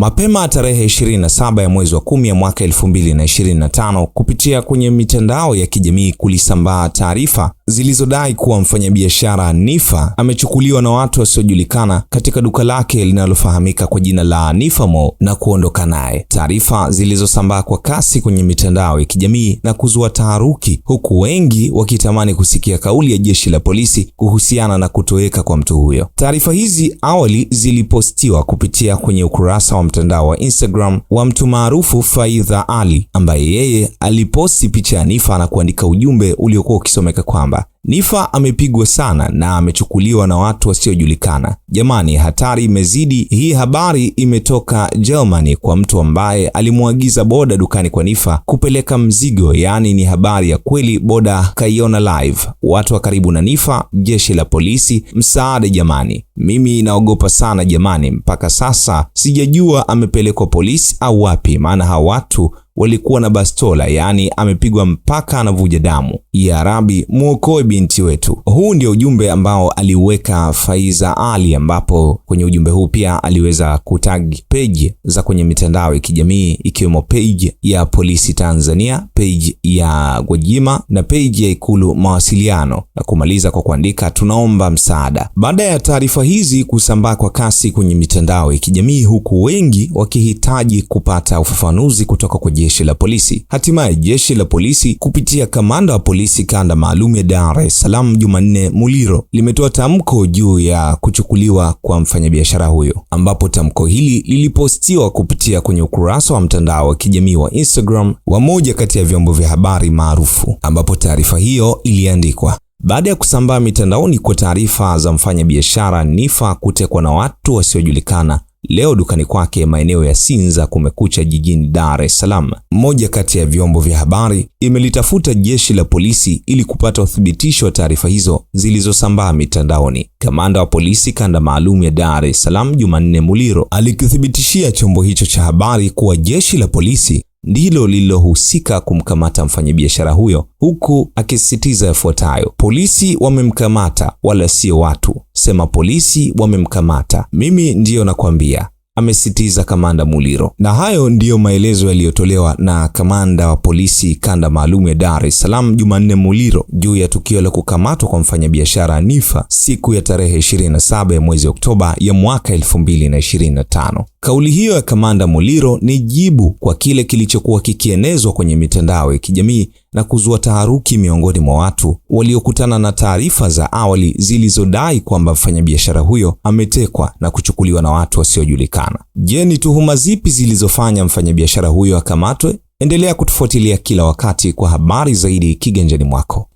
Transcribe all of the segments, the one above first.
Mapema tarehe 27 ya mwezi wa kumi ya mwaka 2025 kupitia kwenye mitandao ya kijamii kulisambaa taarifa zilizodai kuwa mfanyabiashara Nifa amechukuliwa na watu wasiojulikana katika duka lake linalofahamika kwa jina la Nifamo na kuondoka naye, taarifa zilizosambaa kwa kasi kwenye mitandao ya kijamii na kuzua taharuki, huku wengi wakitamani kusikia kauli ya jeshi la polisi kuhusiana na kutoweka kwa mtu huyo. Taarifa hizi awali zilipostiwa kupitia kwenye ukurasa wa mtandao wa Instagram wa mtu maarufu Faidha Ali ambaye yeye aliposti picha ya Nifa na kuandika ujumbe uliokuwa ukisomeka kwamba Nifa amepigwa sana na amechukuliwa na watu wasiojulikana. Jamani, hatari imezidi. Hii habari imetoka Germany kwa mtu ambaye alimwagiza boda dukani kwa Nifa kupeleka mzigo, yaani ni habari ya kweli, boda kaiona live. Watu wa karibu na Nifa, jeshi la polisi, msaada jamani. Mimi naogopa sana jamani, mpaka sasa sijajua amepelekwa polisi au wapi, maana hawa watu walikuwa na bastola, yaani amepigwa mpaka anavuja damu. Ya Rabi, mwokoe binti wetu. Huu ndio ujumbe ambao aliuweka Faiza Ali, ambapo kwenye ujumbe huu pia aliweza kutag page za kwenye mitandao ya kijamii ikiwemo page ya polisi Tanzania, page ya Gwajima na page ya Ikulu mawasiliano, na kumaliza kwa kuandika tunaomba msaada. Baada ya taarifa hizi kusambaa kwa kasi kwenye mitandao ya kijamii, huku wengi wakihitaji kupata ufafanuzi kutoka kwa jeshi la polisi. Hatimaye jeshi la polisi kupitia kamanda wa polisi kanda maalum ya Dar es Salaam Jumanne Muliro limetoa tamko juu ya kuchukuliwa kwa mfanyabiashara huyo, ambapo tamko hili lilipostiwa kupitia kwenye ukurasa wa mtandao wa kijamii wa Instagram wa moja kati ya vyombo vya habari maarufu, ambapo taarifa hiyo iliandikwa baada ya kusambaa mitandaoni kwa taarifa za mfanyabiashara Nifa kutekwa na watu wasiojulikana Leo dukani kwake maeneo ya Sinza kumekucha jijini Dar es Salaam. Moja kati ya vyombo vya habari imelitafuta jeshi la polisi ili kupata uthibitisho wa taarifa hizo zilizosambaa mitandaoni. Kamanda wa polisi kanda maalum ya Dar es Salaam, Jumanne Muliro, alikithibitishia chombo hicho cha habari kuwa jeshi la polisi ndilo lililohusika kumkamata mfanyabiashara huyo, huku akisisitiza yafuatayo: polisi wamemkamata, wala sio watu. Sema polisi wamemkamata, mimi ndiyo nakwambia, amesisitiza kamanda Muliro. Na hayo ndiyo maelezo yaliyotolewa na kamanda wa polisi kanda maalum ya Dar es Salaam Jumanne Muliro juu ya tukio la kukamatwa kwa mfanyabiashara Nifa siku ya tarehe 27 ya mwezi Oktoba ya mwaka 2025. Kauli hiyo ya Kamanda Muliro ni jibu kwa kile kilichokuwa kikienezwa kwenye mitandao ya kijamii na kuzua taharuki miongoni mwa watu waliokutana na taarifa za awali zilizodai kwamba mfanyabiashara huyo ametekwa na kuchukuliwa na watu wasiojulikana. Je, ni tuhuma zipi zilizofanya mfanyabiashara huyo akamatwe? Endelea kutufuatilia kila wakati kwa habari zaidi kiganjani mwako.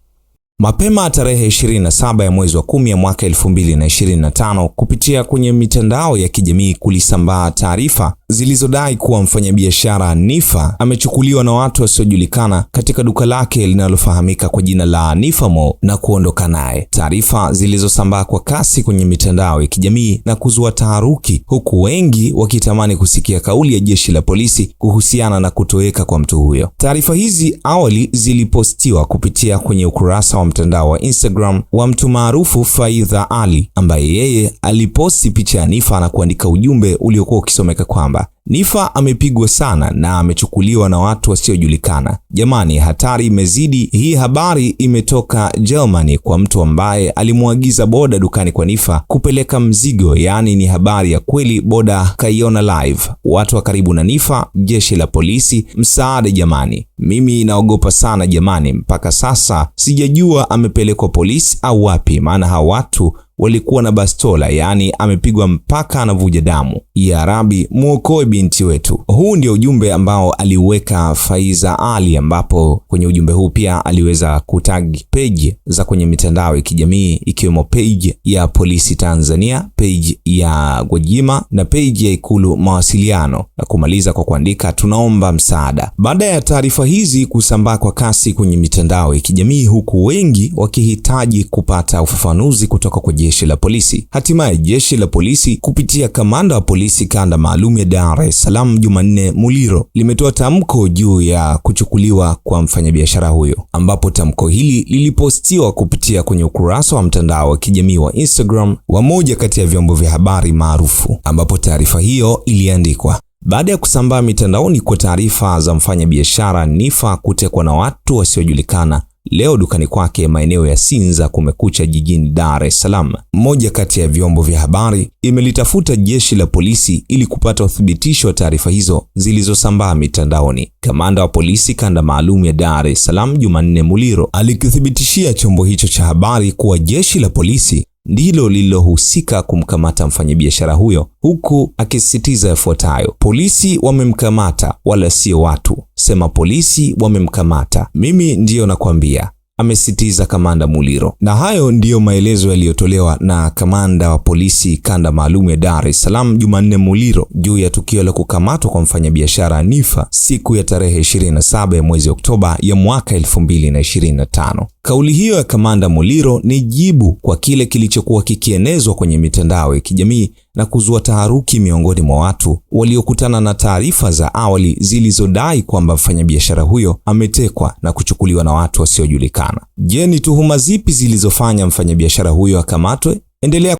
Mapema tarehe 27 ya mwezi wa kumi ya mwaka 2025 kupitia kwenye mitandao ya kijamii kulisambaa taarifa zilizodai kuwa mfanyabiashara Nifa amechukuliwa na watu wasiojulikana katika duka lake linalofahamika kwa jina la Nifa Mall na kuondoka naye, taarifa zilizosambaa kwa kasi kwenye mitandao ya kijamii na kuzua taharuki, huku wengi wakitamani kusikia kauli ya jeshi la polisi kuhusiana na kutoweka kwa mtu huyo. Taarifa hizi awali zilipostiwa kupitia kwenye ukurasa wa mtandao wa Instagram wa mtu maarufu Faidha Ali ambaye yeye aliposti picha ya Nifa na kuandika ujumbe uliokuwa ukisomeka kwamba Nifa amepigwa sana na amechukuliwa na watu wasiojulikana. Jamani, hatari imezidi. Hii habari imetoka Germany kwa mtu ambaye alimwagiza boda dukani kwa Nifa kupeleka mzigo, yaani ni habari ya kweli. Boda kaiona live, watu wa karibu na Nifa, jeshi la polisi, msaada jamani. Mimi naogopa sana jamani, mpaka sasa sijajua amepelekwa polisi au wapi, maana hawa watu walikuwa na bastola, yaani amepigwa mpaka anavuja damu. Ya Rabi, mwokoe binti wetu. Huu ndio ujumbe ambao aliuweka Faiza Ali, ambapo kwenye ujumbe huu pia aliweza kutag page za kwenye mitandao ya kijamii ikiwemo page ya polisi Tanzania, page ya Gwajima na page ya Ikulu mawasiliano, na kumaliza kwa kuandika tunaomba msaada. Baada ya taarifa hizi kusambaa kwa kasi kwenye mitandao ya kijamii, huku wengi wakihitaji kupata ufafanuzi kutoka kwa jeshi la polisi. Hatimaye jeshi la polisi kupitia kamanda wa polisi kanda maalum ya Dar es Salaam Jumanne Muliro limetoa tamko juu ya kuchukuliwa kwa mfanyabiashara huyo, ambapo tamko hili lilipostiwa kupitia kwenye ukurasa wa mtandao wa kijamii wa Instagram wa moja kati ya vyombo vya habari maarufu, ambapo taarifa hiyo iliandikwa baada ya kusambaa mitandaoni kwa taarifa za mfanyabiashara Nifa kutekwa na watu wasiojulikana Leo dukani kwake maeneo ya Sinza kumekucha jijini Dar es Salaam. Moja kati ya vyombo vya habari imelitafuta jeshi la polisi ili kupata uthibitisho wa taarifa hizo zilizosambaa mitandaoni. Kamanda wa polisi kanda maalum ya Dar es Salaam, Jumanne Muliro, alikithibitishia chombo hicho cha habari kuwa jeshi la polisi ndilo lililohusika kumkamata mfanyabiashara huyo, huku akisisitiza yafuatayo: polisi wamemkamata, wala sio watu. Sema polisi wamemkamata, mimi ndiyo nakwambia amesitiza Kamanda Muliro. Na hayo ndiyo maelezo yaliyotolewa na kamanda wa polisi kanda maalum ya Dar es Salaam Jumanne Muliro juu ya tukio la kukamatwa kwa mfanyabiashara Hanifa siku ya tarehe 27 ya mwezi Oktoba ya mwaka 2025. Kauli hiyo ya Kamanda Muliro ni jibu kwa kile kilichokuwa kikienezwa kwenye mitandao ya kijamii na kuzua taharuki miongoni mwa watu waliokutana na taarifa za awali zilizodai kwamba mfanyabiashara huyo ametekwa na kuchukuliwa na watu wasiojulikana. Je, ni tuhuma zipi zilizofanya mfanyabiashara huyo akamatwe? Endelea